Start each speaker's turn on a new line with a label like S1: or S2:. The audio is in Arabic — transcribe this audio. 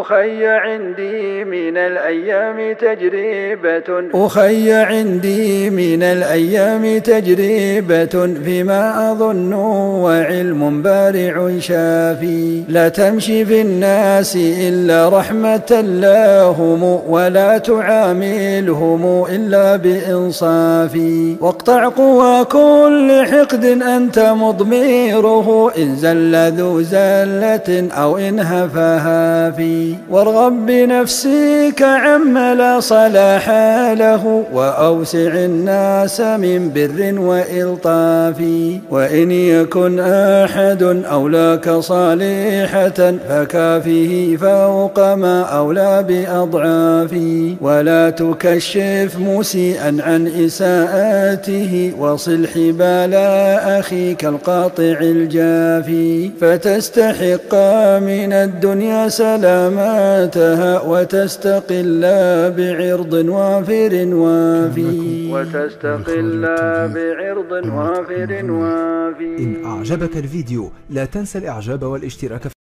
S1: أخي عندي من الأيام تجربة أخي عندي من الأيام تجربة فيما أظن وعلم بارع شافي لا تمشي في الناس إلا رحمة لهم ولا تعاملهم إلا بإنصاف واقطع قوى كل حقد أنت مضميره إن زل ذو زلة أو إن هفاها في وارغب بنفسك عما لا صلاح له وأوسع الناس من بر وإلطاف وإن يكن أحد أولاك صالحة فكافه فوق ما أولى بأضعافي ولا تكشف مسيئا عن إساءته وصل حبال أخيك القاطع الجافي فتستحق من الدنيا سلام أماتها وتستقل بعرض وافر وافي وتستقل بعرض وافر وافي إن أعجبك الفيديو لا تنسى الإعجاب والاشتراك في